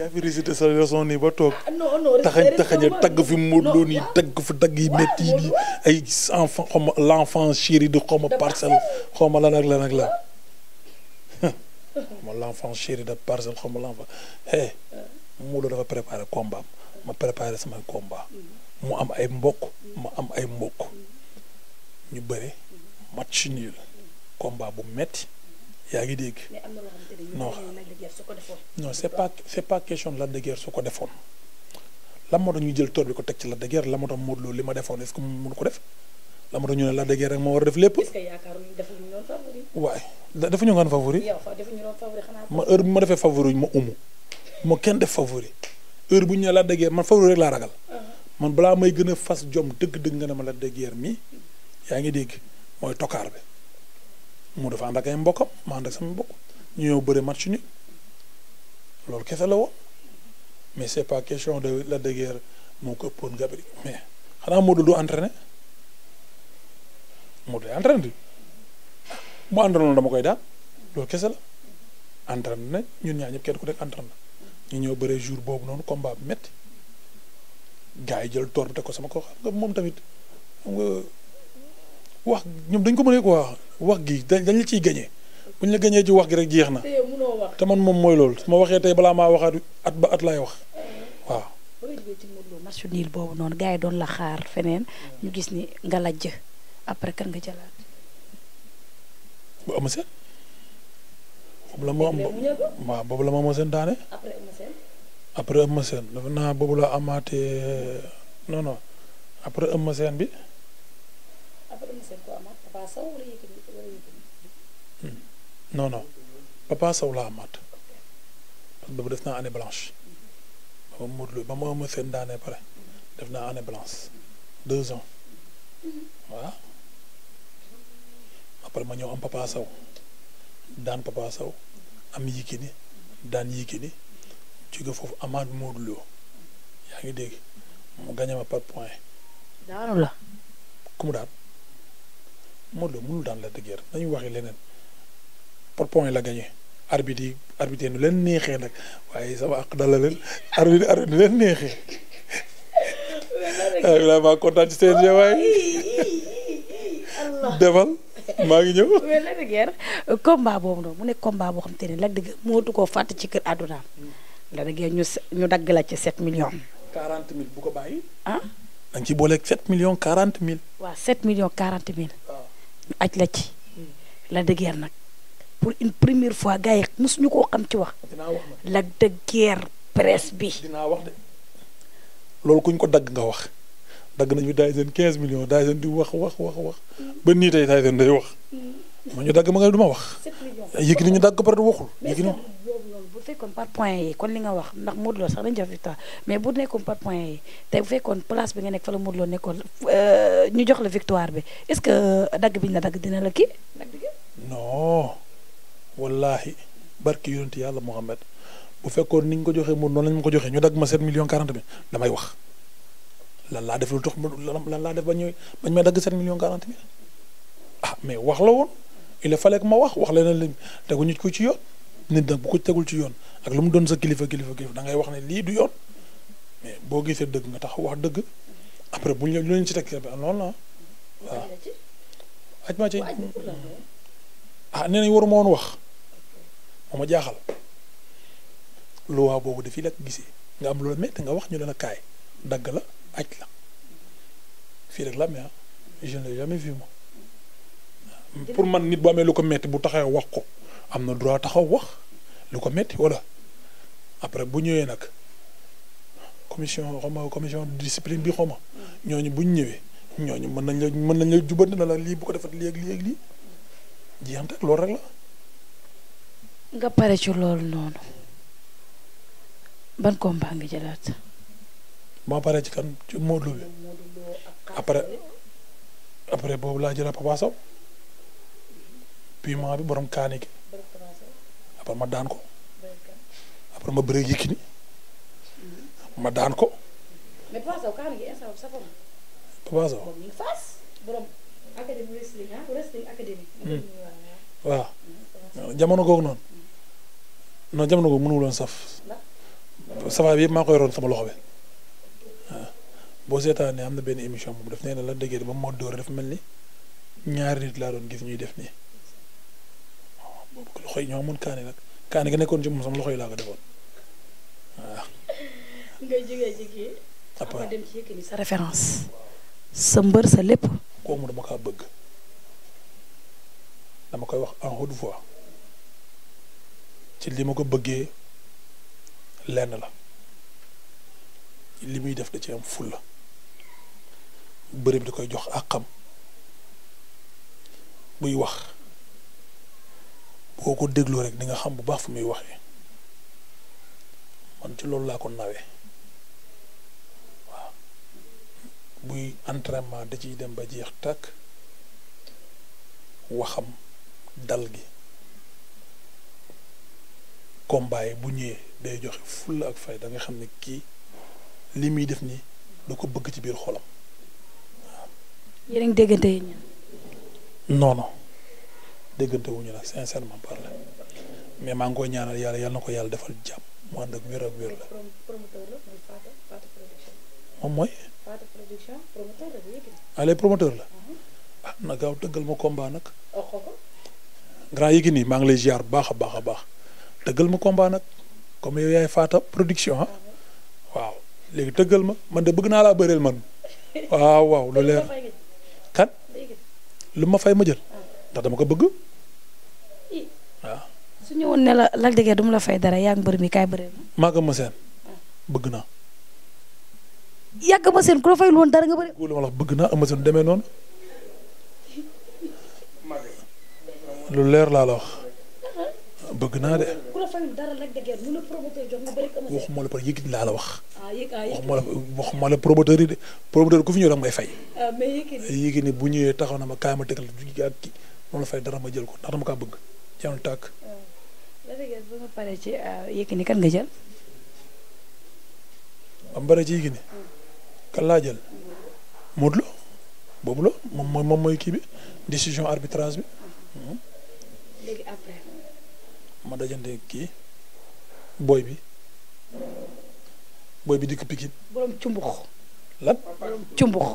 yaa fi récité sa leçon nii ba toog. Ah, taxañ taxañ tagg fi mu mën doon yi tagg fi dagg yi métti yi nii ay enfant xaw ma l' enfant chéri de xaw ma parcelle xaw ma lan ak lan ak lan. ma xaw ma l' eh, dafa préparé combat ma préparé sama komba mu am ay mbokk ma am ay mbokk ñu bëre match nul bu metti yaa ngi dégg. non non c' est pas c' est question de Lac su ko defoon. lan moo tax ñu jël toor bi ko teg ci Lac de Guiers lan moo tax li ma defoon est ce que mun ko def lan moo tax ñu ne Lac de rek moo war a def lépp. est ce que yaakaaruñu waaye defuñu noonu favori. yow defuñu ma heure bu ma defee favori ma umu ma kenn def favori heure bu ñu ne Lac de Guiers man favori rek laa ragal. Uh-huh. man balaa may gën a fas jom dëgg-dëgg nga ne ma Lac de Guiers mi yaa ngi dégg mooy tokaar bi. mu dafa ànd ak ay mbokkam ma ànd sama mbokk ñu ñëw bëri match ni loolu kese la woon mais c'est pas question de la de guerre moo ko ëppoon mais xanaa Modou du entraîné Modou day entraîné di mu àndaloon dama koy daan loolu kese la entraîné na ñun ñaa ñëpp kenn ku nekk entraîné na ñu ñëw bëree jour boobu noonu combat bi metti gars yi jël toor bi ko sama ko xam nga moom tamit wax ñoom dañ ko mën a quoi wax gi dañ dañ la ciy gañee buñ la gañee ci wax gi rek jeex na te man moom mooy lool su ma waxee tey balaa maa waxaat at ba at laay wax waaw. match boobu noonu gars yi doon la feneen ñu gis ni nga lajj après kan nga jëlaat. bu am boobu la ma am waaw boobu la ma daane. après am naa boobu la amaatee non après am bi. dafa Eumeu Sène ko amaat Papa Sow non non Papa laa amaat parce que boobu def naa année blanche ba ba mu Eumeu Sène daanee pare def naa année blanche deux ans voilà après ma ñëw am Papa daan Papa am Yékini daan Yékini jóge foofu amaat Modou Lo yaa ngi dégg mu gañe par point. daanu daan. Modou Lo mënul daan Lac de dañu nañu waxi leneen par point la gagné arbitre yi arbitre nu leen neexee nag waaye sama àq dala leen arbitre arbitre nu leen neexee ah, waaw waaye maa ngi ñëw. mais Lac de Guiers combat boobu noonu mu nekk combat boo xam te ne Lac de Guiers mootu koo fàtte ci kër àddunaam. Lac de Guiers ñu ñu dagg la ci 7 million 40 mille bu ko bàyyi. ah. da ci booleeg 7 million 40 mille. waaw 7 millions 40 mille. ñu aj la ci la dëggeer nag pour une première fois gars yi mosuñu koo xam ci wax la dëggeer presse bi dinaa wax de loolu kuñ ko dagg nga wax dagg nañu daay seen quinze millions daay seen di wax wax wax wax ba nii tey daay seen day wax mm. ma ñu dagg ma nga du wax yëg ni dagg ba pare waxul yëg ni bu fekkoon part point yi kon li nga wax ndax Modou Lo sax dañu jox victoire mais bu nekkoon part point yi tey fekkoon place bi nga nekk fa la Modou Lo nekkoon euh, ñu jox la victoire bi est-ce que euh, dagg bi ñu la dagg dina la kii. non wallahi barki yonent yàlla Muhammad bu fekkoon ni ñu ko joxee Modou noonu lañ ma ko joxee ñu dagg ma 7 millions 40 mille damay wax lan laa def lu tax lan laa def ba ñuy ba ñu dagg 7 millions 40 mille ah mais wax la woon il fallait que ma wax wax leneen lañ tegu nit ku ci yoon. nit nag bu ko tegul ci yoon ak lu mu doon sa kilifa kilifa kilifa da ngay wax ne lii du yoon mais boo gisee dëgg nga tax wax dëgg après buñ la lu leen ci teg bi noonu ma ci ah nee nañ waruma woon wax moom a jaaxal luwaa boobu dafii la gisee nga am loola metti nga wax ñu dana kaay dagg la aj la fii rek la yi ah. je ne jamais vu moom pour man nit bu amee lu ko metti bu taxawee wax ko. am na droit taxaw wax lu ko metti wala après bu ñëwee nag commission xawma commission discipline bi xawma ñooñu bu ñu ñëwee ñooñu mën nañ la mën nañ la jubbanti na la lii bu ko defat lii ak lii ak lii jeexam loolu rek la. nga pare ci loolu noonu ban combat nga jëlaat. ma pare ci kan ci Modou Lo bi après boobu laa jëlaat Papa Sow piment bi borom kaani gi après ma daan ko après ma bëre Yékini ma daan ko. Ah, hmm. waaw jamono googu noonu non jamono googu mënu woon saf. safa bi yëpp maa koy yoroon sama loxo bi waaw boo seetaanee am na benn émission boobu daf nee na la déggee ba mu ma dóor dafa mel ni ñaari nit laa doon gis ñuy def nii. boobu loxo yi ñoo amoon kaani nag kaani gi nekkoon ci moom sama loxo yi laa ko defoon waaw. nga jógee ci sa référence. sa mbër sa lépp. kooku dama kaa bëgg dama koy wax en haute voix ci li ma ko bëggee lenn la li muy def da ci am fulla bëri bi da koy jox àqam buy wax. boo ko dégloo rek di nga xam bu baax fu muy waxee man ci loolu laa ko nawe waaw buy entraînement da ciy dem ba jeex tàkk waxam dal gi combat yi bu ñëwee day joxe fulla ak fay da xam ne kii li muy def ni da ko bëgg ci biir xolam waaw. yéen a ngi déggante non déggante wuñu nag sincèrement parlé mais maa ngi koy ñaanal na ko yàlla defal jàmm mu ànd ak wér ak wér la moom mooy allez promoteur la ah, mhm. ah na gaaw tëggal ma combat nag oh, grand yi gi nii maa ngi lay ziar baax a baax a baax tëggal ma combat nag comme yow yaay faata production ah. mhm. waaw léegi tëggal ma man bëgg naa laa bëreel man waaw waaw lu kan lu ma fay ma jël ndax dama ko bëgg. waaw. su ñëwoon ne la Lac de Guiers du la fay dara yaa ngi mbër mi kaay bëree maa ko mëseen. Ah. bëgg naa. yàgg ma seen ku la fayul woon dara nga bëri. wóolu bëgg naa am demee noonu. leer laa uh-huh. naa de. mu la ma. waxuma la par wax. ah yëg ah waxuma la waxuma yi de promoteur ku fi ñëw da ngay fay. Ah, nii bu ñëwee taxaw na ma kaay ma tegal ak kii. moom la fay dara ma jël ko ndax dama kaa bëgg jeexal nga paree ci euh, Yékini kan nga jël. mu paree ci Yékini. Hmm. kan laa jël. Modou Lo boobu la moom mooy kii bi décision arbitrage bi. Hmm. léegi ma dajante kii booy bi booy bi dikk Pikine. borom cumbux. lan cumbux.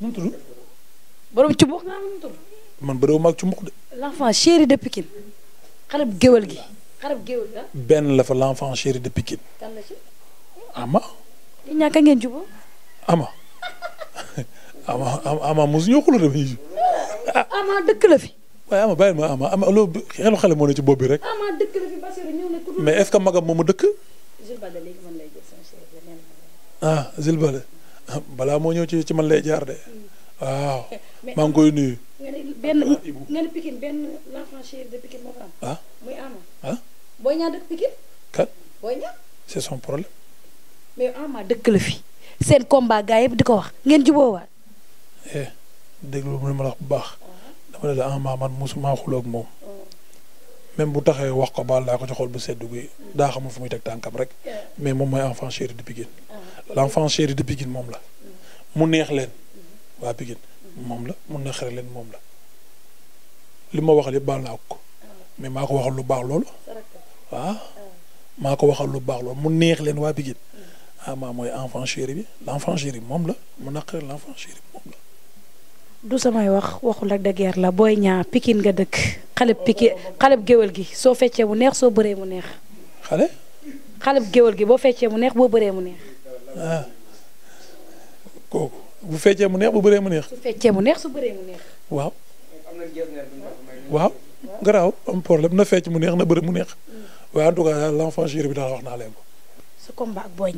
nu mu tudd. cumbux nga am nu man bëriwu ma ak ci mukk de. l'enfant chéri de Pikine xarab géwal gi la. benn la fa l'enfant chéri de Pikine. kan la ama. yéen ñaaka ngeen jubóo. ama ama ama mosu waaye ama bàyyi ci bopp bi rek. mais est-ce que magam moomu dëkk. ah Zilbale ah, balaa moo ñëw ci ci man lay jaar de hmm. waaw maa ngi koy nuyu. nga ne benn nga ne Pikine benn l'enfant chéri ah. ah. c'est son problème. dëkk la fi seen combat gars yëpp di ko wax ngeen juboowaat. eh déglu mu ne bu baax. Ah. dama ne la Ama man mosuma xuloo ak moom. Oh. même bu taxee wax ko baal laa ko ci bu sedd gi mm. daa xamul fu muy teg tànkam rek eh. mais moom mooy enfant chéri de Pikine l'enfant chéri de Pikine moom la mm. mu neex leen mm. waa Pikine moom la mu naqare leen moom la li ma waxal yëpp baal naa ko mais maa ko waxal lu baax loolu waaw maa ko waxal lu baax loolu mu neex leen waa Pikine ah mooy enfant chéri bi l' enfant chéri moom la mu naqare l' enfant chéri moom la. du samay wax waxul ak de la booy ñaa Pikine nga dëkk xale Pikine xale géwél gi soo feccee mu neex soo bëree mu neex. xale. xale géwél gi boo feccee mu neex boo bëree mu neex. Ah. kooku. bu feccee mu neex bu bëree mu neex. su feccee mu neex su bëree mu neex. waaw. waaw. garaaw am problème na fecc mu neex na bëri mu neex. Mm. waaye en tout cas bi daal wax naa leen ko. sa combat ak Boy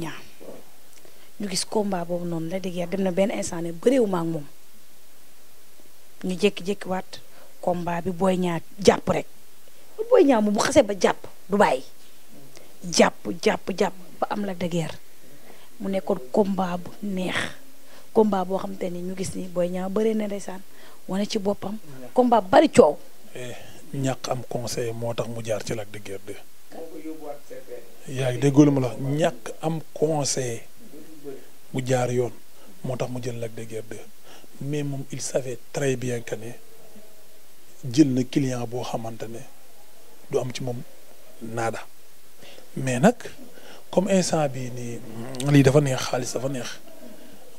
gis combat boobu noonu la dégg dem na benn instant ne bëriwuma ak moom ñu jékki-jékki waat combat bi booy ñaar jàpp rek Boy Niang moom bu xasee ba jàpp du bàyyi jàpp jàpp jàpp ba am la dëgër mu nekkoon combat bu neex. combat boo xam te ni ñu gis ni Boy Niang bëree na ndeysaan wane ci boppam. combat bari coow. Eh, ñàkk am conseil moo tax mu jaar ci Lac de Guiers 2. ñàkk am conseil mu jaar yoon moo tax mu jël Lac de Guiers 2 mais moom il savait très bien que ne jël na client boo xamante ne du am ci moom naada mais nag comme instant bi nii lii dafa neex xaalis dafa neex.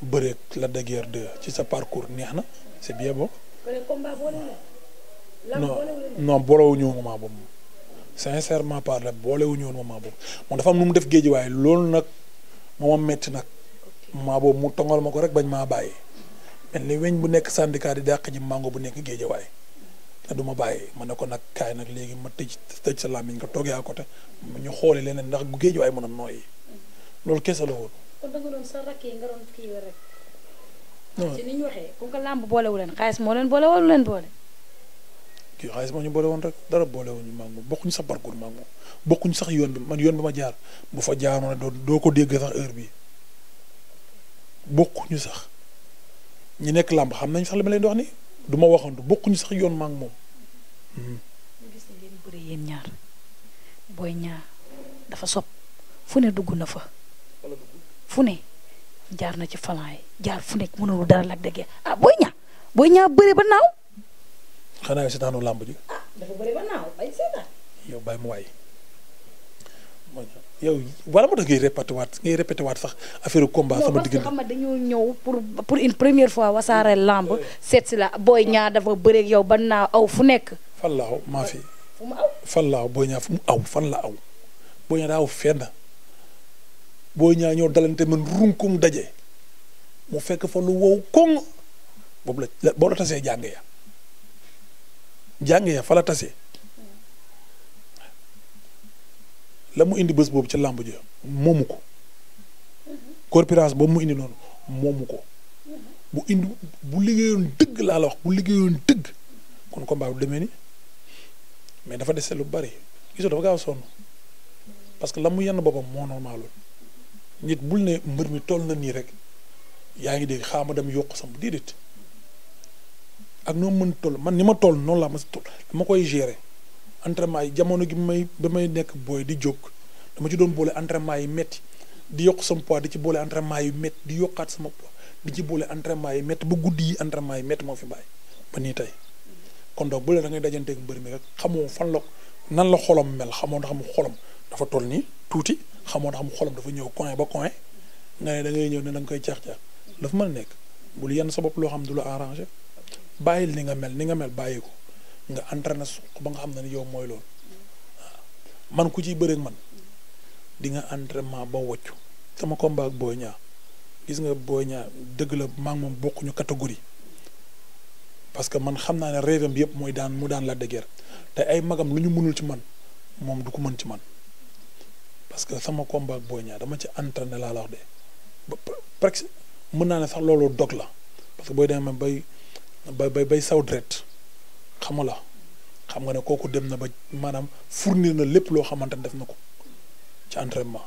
bëreeg Lac de ci sa parcours neex na c'est bien bon. noo non boolewuñu ma moment boobu sincèrement parler boolewuñu woon moment boobu moom dafa am nu mu def géej waaye loolu nag moo ma métti nag moment boobu mu tongal ma ko rek bañ maa bàyyi mel ni weñ bu nekk syndicat di dàq ji màngo bu nekk géej waay te du ma bàyyi ma ne ko nag kaay nag léegi ma tëj tëj sa làmmiñ nga toogee à côté ñu xoolee leneen ndax géej waay mën a nooyi mm. loolu kese la woon. kon da nga doon sa rakk yi nga doon kii rek. boolewu leen xaalis moo leen boole wala leen boole. kii xaalis moo ñu boolewoon rek dara boole woon ñu maag moom bokkuñu sax parcours maag moom bokkuñu sax yoon bi man yoon bi ma jaar bu fa jaaroon doo doo ko dégg sax heure bi bokkuñu sax ñi nekk làmb xam nañ sax li ma leen di wax ni du ma waxantu bokkuñu sax yoon maag moom. Hmm. ñu gis ne ngeen bëre yéen dugg na fu ne jaar na ci falan yi jaar fu nekk mënul dara Lac de Guiers ah Boy Niang Boy Niang bëre ba naaw. xanaa yow seetaanu làmb ji. ah dafa bëre ba yow bàyyi mu waay yow wala ma tax ngay répété waat ngay répété waat sax affaire combat sama diggante. non parce ñëw pour pour une première fois wasaare làmb seet si la booy ñaar dafa bëre yow ba naaw aw fu nekk. fan la aw maa fi. fu fan la aw Boy Niang daa aw fenn. booy ñaa ñoo dalante man runkum daje mu fekk fa lu wow koŋ boobu la tasee jàng ya jàng ya fa la tasee la mu indi bés boobu ci làmb moomu ko corpérance boobu mu indi noonu moomu ko bu indi bu liggéeyoon dëgg laa la wax bu liggéeyoon dëgg kon combat bu demee ni mais dafa dese lu bari gisoo dafa gaaw sonn parce que la mu yenn boppam moo normalul nit bul ne mbër mi toll na nii rek yaa ngi dégg xaama dem yokk sam déedéet ak noo mën toll man ni ma toll noonu laa ma si toll dama koy gérer entraînement yi jamono gi may ba nekk booy di jóg dama ci doon boole entraînement yi metti di yokk sama pois di ci boole entraînement yu metti di yokkaat sama poids di ci boole entraînement yi metti ba guddi yi entraînement yi metti moo fi bàyyi ba nii tey kon donc bu lee da ngay dajanteeg mbër mi rek xamoo fan la nan la xolam mel xamoo ndax mu xolam dafa toll nii tuuti xamoo tax mu xolam dafa ñëw coin ba coin nga ne da ñëw ne da koy caax-caax dafa man a nekk bul yenn sa bopp loo xam du la arrangé bàyyil ni nga mel ni nga mel bàyyi ko nga entraîné su ba nga xam ne ni yow mooy loolu man ku ciy bëreeg man di nga entraînement ba woccu sama combat ak Boy Niang gis nga Boy ñaa dëgg la maa moom bokkuñu catégorie parce que man xam naa ne rêve am yëpp mooy daan mu daan la de guerre te ay magam lu ñu mënul ci man moom du ko mën ci man parce que sama combat ak Boy dama ci entraîné laa la wax de ba presque mën naa ne sax loolu dog la parce que booy demee bay bay bay saw dret xamu la xam nga ne kooku dem na ba maanaam fournir na lépp loo xamante ne def na ko ci entraînement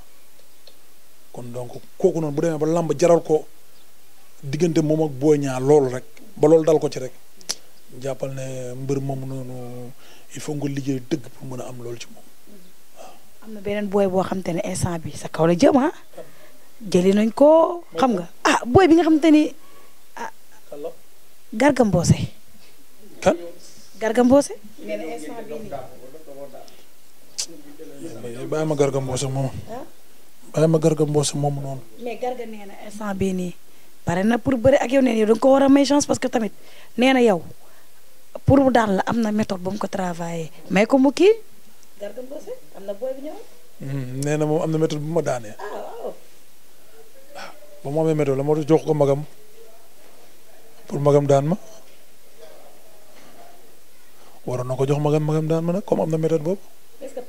kon donc kooku noonu bu demee ba làmb jaral ko diggante moom ak Boy Niang loolu rek ba loolu dal ko ci rek jàppal ne mbër moom noonu il faut nga liggéey dëgg pour mën a am loolu ci moom. am na beneen booy boo xam te ne instant bi sa kaw la jëm ah jëli nañ ko xam nga ah booy bi nga xam te ni ah Garga Mbossé Garga Mbossé nee ma Garga Mbossé moom ma Garga Mbossé moom noonu mais Garga nee na instant bii nii pare na pour bëri ak yow nee yow da ko war a may chance parce que tamit nee na yow pour mu daan la am na métode ba mu ko travaillé mais ko mu kii Garga na booy bi ñëwoon. Hmm, nee na moom am na méthode bu ma daanee. Ah, ah, ba mu amee méthode la moo jox ko magam pour magam daan ma waroon na ko jox magam magam daan ma nag comme am na méthode boobu. est-ce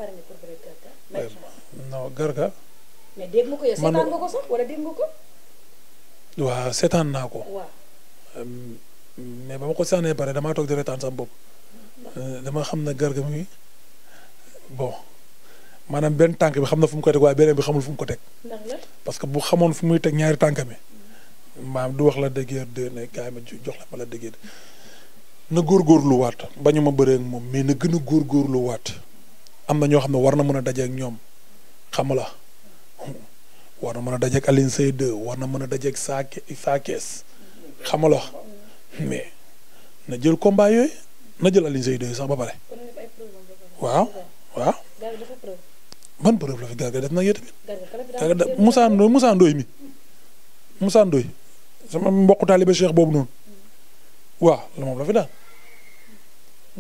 que ko yow seetaan nga ko sax wala dégg nga ko. naa ko. mais ba ma ko seetaanee pare damaa toog di retaan sama bopp. Mm-hmm. Euh, dama xam na Garga mi. bon maanaam benn tànk bi xam na fu mu ko teg waaye beneen bi xamul fu mu ko teg. parce que bu xamoon fu muy teg ñaari tànk bi maam du wax la dëgër de ne kaay ma jox la ma la dëgër na góorgóorlu waat bañu ma bëree moom mais na gën a góor góorgóorlu waat am na ñoo xam ne war na mën a dajeek ñoom xam la war na mën a dajeeg Alioune Seye 2 war na mën a dajeeg saa saa kees xam la mais na jël combat yooyu na jël Alioune Seye 2 sax ba pare waaw. waaw. ban la fi def nag yéen tamit. Moussa mi Moussa sama mbokku taalibe Cheikh boobu noonu mm. waaw la fi daan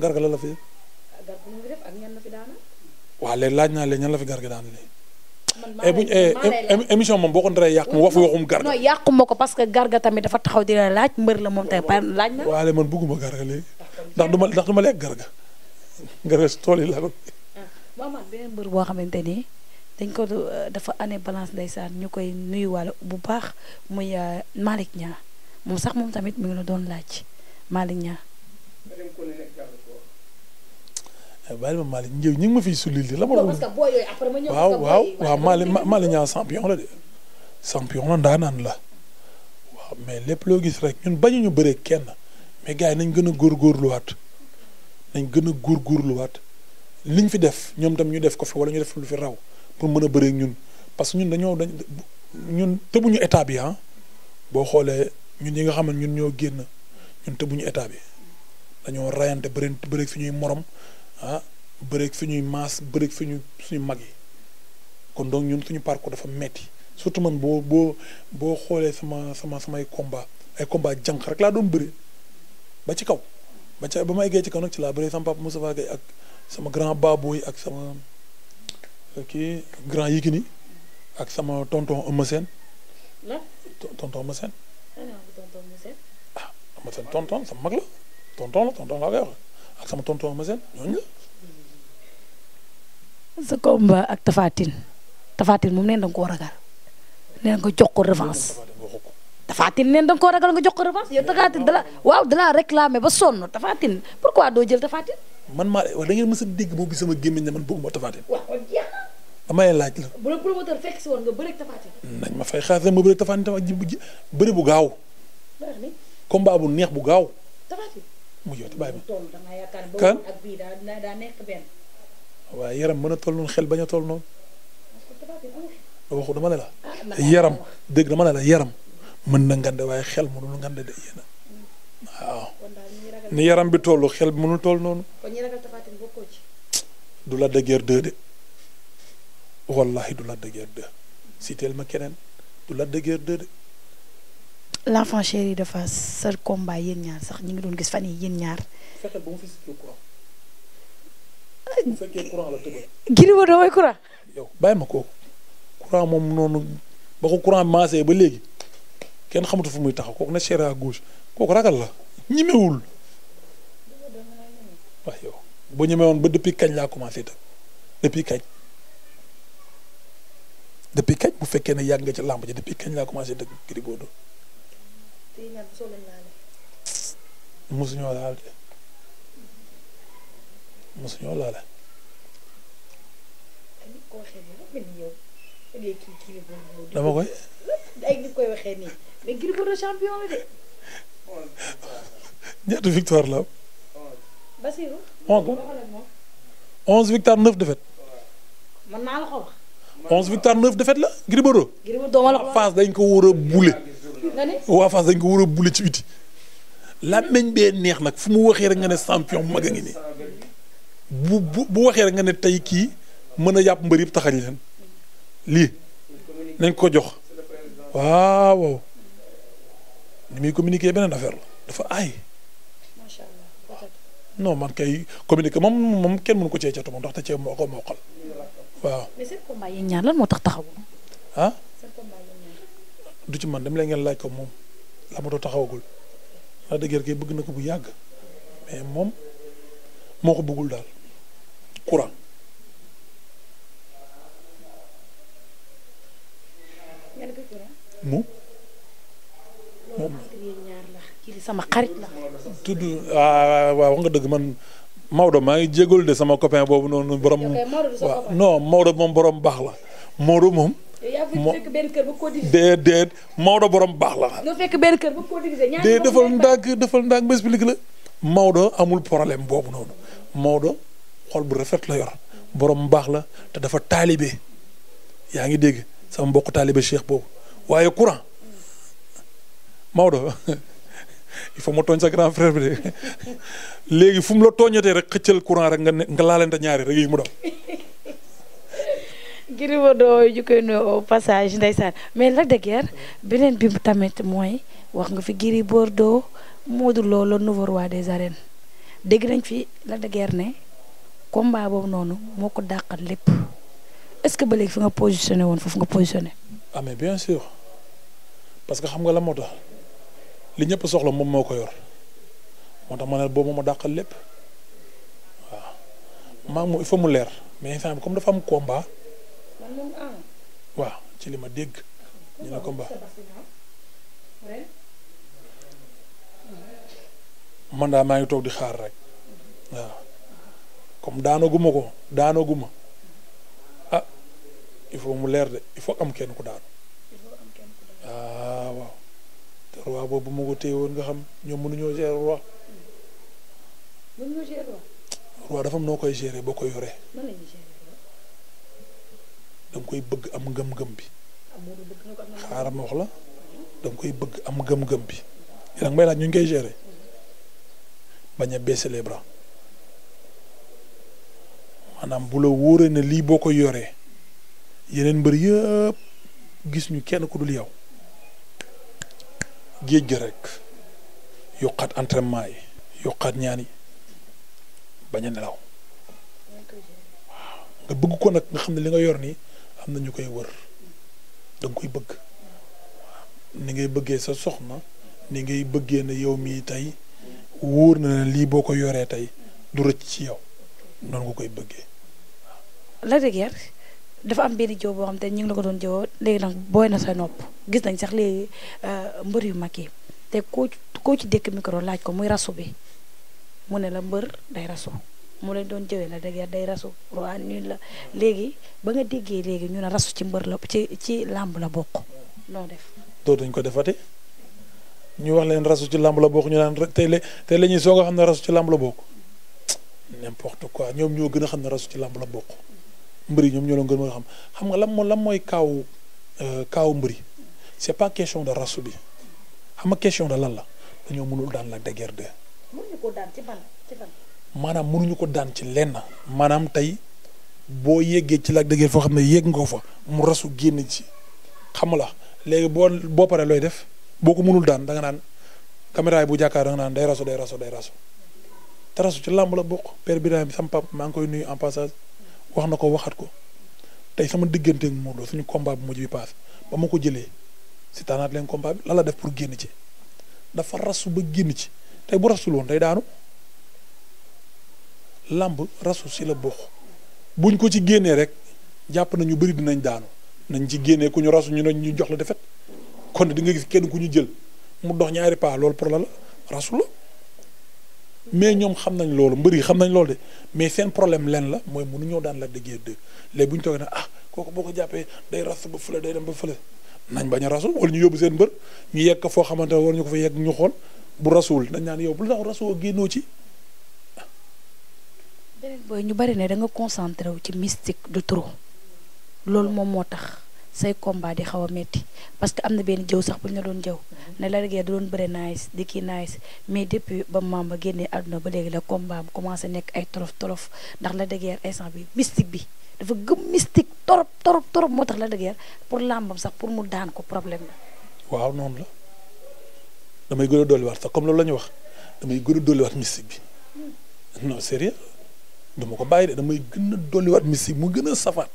garga la la fi. waaw laaj naa leen la fi garga daan léegi. man eh, buñ eh, émission moom boo yàq mu wax garga. ko parce que garga tamit dafa taxaw di la laaj mbër la moom tamit par laaj na. waaw man bugguma garga léegi ndax du ma ma lekk garga garga tool yi laa ko. mu amaat beneen boo xamante ni dañ ko euh, dafa année balance ndeysaan ñu koy nuyuwaale bu baax muy euh, Malick Niang moom sax moom tamit mi ngi la doon laaj Malick Niang. Eh, bàyyi ma Malick njëw ñu ngi ma la ma. waaw waaw waaw Malick Malick Niang champion la de champion la ndaanaan la mais lépp loo gis rek ñun bañu ñu bëree kenn mais gars yi nañ gën a góorgóorluwaat nañ gën a góorgóorluwaat. liñ fi def ñoom tam ñu def ko fi wala ñu def lu fi raw pour mën a bëreeg ñun parce que ñun dañoo dañ ñun tëbuñu état bi ah boo xoolee ñun ñi nga xam ñun ñoo génn ñun tëbuñu état bi dañoo rayante bëri bëreeg suñuy morom ah bëreeg suñuy maas bëreeg ñu suñu mag yi kon donc ñun suñu parcours dafa metti surtout man boo boo boo xoolee sama sama samay combat ay combat janq rek laa doon bëri ba ci kaw ba ca ba ma eggee ci kaw nag ci laa bëree sama papa Moussa Gueye ak. sama grand baabooy ak sama euh, grand Yékini ak sama tonton Eumeu Sène. lan tonton Eumeu Sène. ah Eumeu Sène sama mag la tonton la tonton laa koy ak sama tonton Eumeu Sène ñooñu la. sa combat ak Tafatine Tafatine moom nee na nga koo ragal nga jox ko revanche. neen da nga koo nga jox ko revanche dala waaw dala réclamer ba sonn Tafatine pourquoi doo jël Tafatine. man maa wax da ngeen mës a dégg moom bi sama gémmiñ ne man bëgguma Tapha Tine. laaj la. nañ ma fay xaaral ma bëreeg Tapha Tine tamit bëri bu gaaw. bëri na bu neex bu gaaw. Tapha waaye yaram mën a toll noonu xel bañ a toll noonu. waxu ah, dama ne la. yaram dégg dama ne la yaram mën na ngande waaye xel mënul ngande de yéen mm. waaw. ni yaram bi toll xel mënul toll noonu. du Lac de Guiers de wallahi du Lac de Guiers ma keneen du Lac de Guiers 2 de. l'enfant chéri de Fass combat yéen ñaar sax ñu ngi doon gis fan yii yéen ñaar. fexe ba mu fi courant. bu ah, ma kooku courant moom noonu ba ko courant maasee ba léegi kenn xamatu fu muy taxaw kooku na chéri à gauche kooku ragal la ñimewul wax yow boo ñemee woon ba depuis kañ laa commencé itam depuis kañ depuis kañ bu fekkee ne yàgg nga ci làmb ji depuis kañ laa commencé dëgg Gris Bordeaux. mosuñoo laal de mosuñoo laal la de. victoire la Basirou. 11 11 victoire 9 défaite. man maa la ko wax. 11 victoire 9 défaite la Gris Bordeaux. Gris dañ ko war a bule. waa Fass dañ ko war a bule ci uti. làmmeñ bee neex nag fu mu waxee rek nga ne champion mag a ngi nii bu bu bu waxee rek nga ne tey kii mën a yàpp mbër yëpp taxañ leen lii nañ ko jox waaw ni muy communiquer beneen affaire la dafa aay. non man kay communiqué moom moom kenn mënu ko cee jot moom ndaxte ceeb moo ko moo xol waaw. mais seen moo tax taxawu. ah. du ci man dem leen ngeen ko moom la ma doon taxawagul la dëgër kay bëgg na ko bu yàgg mais moom moo ko bëggul daal courant. mu moom. kii sama xarit ah, waaw nga dëgg man Maodo maa ngi jégalu de sama copain boobu noonu borom. waaw non Maodo moom borom baax la Maodo moom. moo déedéet Maodo borom baax la. nga fekk benn kër ba déedéet defal ndànk defal ndànk ba explique la. Maodo amul problème boobu noonu Maodo xol bu rafet la yor borom baax la te dafa taalibe yaa ngi dégg sama mbokk taalibe cheikh boobu waaye courant Maodo. il faut ma tooñ sa grand frère bi de léegi fu mu la tooñatee rek xëccal courant rek nga ne nga laalante ñaari rek yi mu daw. Gris Bordeaux ñu koy nuyu au passage ndeysaan mais Lac de Guiers beneen bi tamit mooy wax nga fi Gris Bordeaux Modou Lo le nouveau roi des arènes dégg fi la de Guiers ne combat boobu noonu moo ko dàqal lépp est-ce que ba léegi fi nga positionné woon foofu nga positionné. ah mais bien sûr parce que xam nga la moo li ñëpp soxla moom moo ko yor moo tax ma ne boobu ma daqal lépp waaw maa mu il faut mu leer mais instant bi comme dafa am combat waaw ci li ma dégg ñu ne combat man daa maa ngi toog di xaar rek waaw comme daanaguma ko daanaguma ah il faut mu leer de il faut am kenn ku daanu ah, waaw te boobu mu ko téye woon nga xam ñoom mënuñoo gérer roi. mënuñoo gérer roi. dafa am noo koy gérer boo koy yoree. nan koy bëgg am ngëm-ngëm bi. Ah, xaaral la da koy bëgg am ngëm-ngëm bi. yéen may laaj ñu ngi koy gérer bañ a baisser maanaam bu la wóoree ne lii boo koy yoree yeneen mbër yëpp gis ñu kenn ku dul yow. géej gi rek yokkaat entraînement yi yokkaat ñaani bañ a nelaw nga bëgg ko nag nga xam ne li nga yor nii am na ñu koy wër da nga koy bëgg ni ngay bëggee sa soxna ni ngay bëggee na yow mii tey wóor na ne lii boo ko yoree tey du rëcc ci yow noonu nga koy bëggee dafa am benn jiw boo xam te ñu la ko doon jiwoo léegi nag booy na sa nopp gis nañ sax léegi euh, mbër yu mag yi te koo koo ci dékk micro laaj ko muy rasu bi mu ne la mbër day rasu mu leen doon jëwee la dëgg day rasu waaw ñun léegi ba nga déggee léegi ñu ne rasu ci mbër la ci ci làmb la bokk noo def. dootuñ ko defate ñu wax leen rasu ci làmb la bokk ñu naan rek tey la tey la xam ne rasu ci làmb la bokk n'importe quoi ñoom ñoo gën a xam ne rasu ci làmb la bokk. mbëri ñoom ñoo la gën ma xam xam nga lan moo lan mooy kaaw euh, kaaw mbëri c'est pas question de rasu bi xam nga question de lan la dañoo mënul daan la déguerre de. maanaam mënuñu ko daan ci lenn maanaam tey boo yéegee ci Lac de foo xam ne yéeg ngoo fa mu rasu génn ci xam la léegi boo boo paree looy def boo ko mënul daan da nga naan caméra yi bu jàkkaar da naan day rasu day rasu day rasu te rasu ci làmb la bokk père Birahim maa ngi koy nuy en passage. wax na ko waxat ko tey sama digganteeg Modou suñu combat bu mujj bi paas ba ma ko jëlee si taanaat leen combat bi lan la def pour génn ci dafa rasu ba génn ci tey bu rasul woon tey daanu làmb rasu si la bokk buñ ko ci génnee rek jàpp nañu bëri dinañ daanu nañ ci génnee ku ñu rasu ñu ne ñu jox la defet kon di nga gis kenn ku ñu jël mu dox ñaari paa loolu pour la la rasu la mais ñoom xam nañ loolu mbër yi xam nañ loolu de mais seen problème len la mooy mënu ñoo daan la déggee deux léegi bu ñu toogee ne ah kooku boo ko jàppee day ras ba fële day dem ba fële nañ bañ a rasu wala ñu yóbbu seen mbër ñu yegg foo xamante ne war ñu ko fa yegg ñu xool bu rasuwul dañ naan yow bu la tax rasuwoo génnoo ci. beneen ñu bari ne da nga concentré wu ci mystique de trop loolu moom moo tax. say combat di xaw a metti parce que am na benn jëw sax bu ñu la doon jëw ne la rek da doon bëre nice di kii nice mais depuis ba mam Mamba génnee àdduna ba léegi la combat bu commencé nekk ay tolof tolof ndax la dëgg instant bi mystique bi dafa gëm mystique torop torop torop moo tax la dëgg pour làmbam sax pour mu daan ko problème la. waaw noonu la damay gën a dolliwaat sax comme loolu la ñu wax damay gën a dolliwaat mystique bi hmm. non sérieux duma ko bàyyi de mu gën a safaat.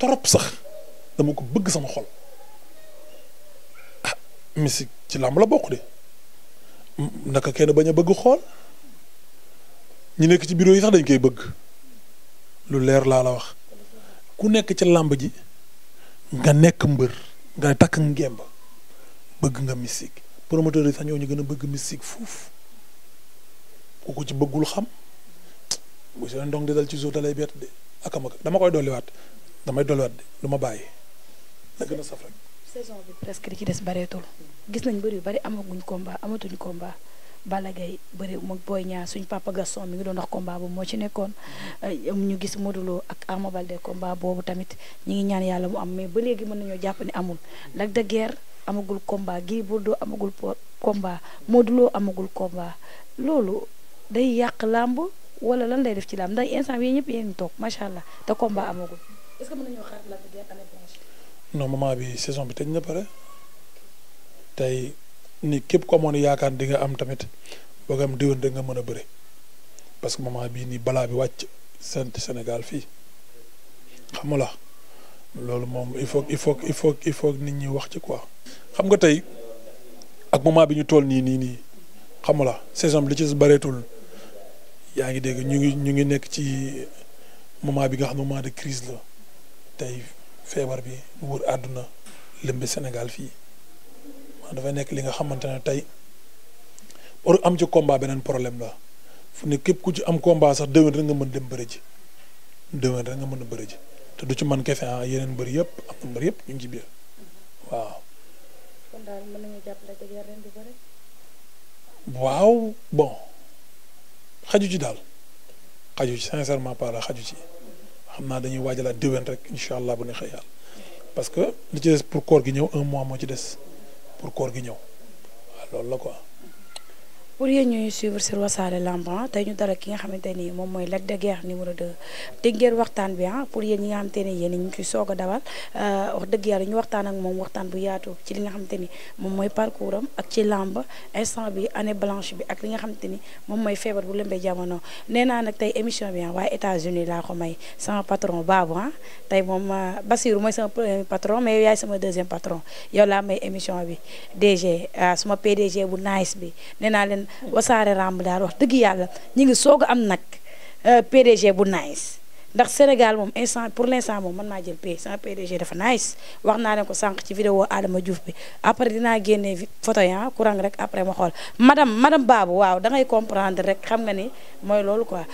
torop sax dama ko bëgg sama xol ah ci làmb la bokk de naka kenn bañ a bëgg xool ñu nekk ci bureau yi sax dañ koy bëgg lu leer laa la wax ku nekk ci làmb ji nga nekk mbër nga takk ngemb bëgg nga musique promoteur yi sax ñoo ñu gën a bëgg musique fuuf ku ko ci bëggul xam bu seen ndong di dal ci suuf dalay bett de akamaka dama koy dolliwaat damay dolliwaat de du ma bàyyi na gën a saf rek. saison bi presque li ci des bareetul gis nañ bëri yu bëri amaguñ combat amatuñ komba Balla Gaye bëri booy Boy Niang suñ papa Gaston mi ngi doon wax combat bu moo ci nekkoon ñu gis Modou ak Ama Baldé boobu tamit ñi ngi ñaan yàlla mu am mais ba léegi mën nañoo jàpp ne amul Lac de amagul komba Gris Bordeaux amagul combat Modou amagul komba loolu day yàq làmb wala lan day def ci làmb ndax instant bii ñëpp yéen ngi toog macha allah te combat amagul. est-ce moment bi saison bi tëj na pare tey ni képp ko amoon yaakaar di nga am tamit boo ko am déwén nga mën a bëre parce que moment bii nii balaa bi wàcc sant Sénégal fii xam la loolu moom il faut il faut il faut il faut nit ñi wax ci quoi. xam nga tey ak moment bi ñu tool nii nii nii xam la saison bi li ci bareetul yaa ngi dégg ñu ngi ñu ngi nekk ci moment bi nga xam ne moment de crise la. tey feebar bi wër àdduna lëmbi Sénégal fii waaw dafay nekk li nga xamante ne tey pour am ci combat beneen problème la fu ne képp ku ci am combat sax déwén rek nga mën dem bëri ji déwén rek nga mën a bëri ji te du ci man kese ah yeneen mbër yëpp am mbër yëpp ñu ngi ci biir waaw. bon xaju ci daal xaju ci sincèrement parlant xaju ci. naa dañuy waajalaat déwén rek incha allah bu neexee yàlla parce que li ci des pour koor gi ñëw un mois moo ci des pour koor gi ñëw waaw loolu la quoi. pour yéen ñuy suivre sur Wassare Lamb ah, tey ñu dara ki nga xamante ni moom mooy Lac de Guiers numéro 2 dégg ngeen waxtaan bi ah pour yéen ne yéen ñu ngi ciy soog a dawal euh, wax dëgg ak moom waxtaan bu yaatu ci li nga xamante ni moom mooy parcours am ak ci làmb instant bi année blanche bi ak li nga xamante ni moom mooy feebar bu lëmbee jamono nee naa nag tey émission bi ah waaye États-Unis laa ko may sama patron Babou ah tey moom euh, Basirou mooy sama premier patron mais yaay sama deuxième patron yow laa may émission bi DG euh, suma PDG bu nice bi wasaare ramb daal wax dëgg yàlla ñi ngi soog a am nag euh, PDG bu nice ndax Sénégal moom instant pour l' instant moom mën naa jël pay sama PDG dafa nice wax naa leen ko sànq ci vidéo Adama Diouf bi après dinaa génne photo ya ah, courant rek après ma xool madame madame baabu waaw da ngay comprendre rek xam nga ni mooy loolu quoi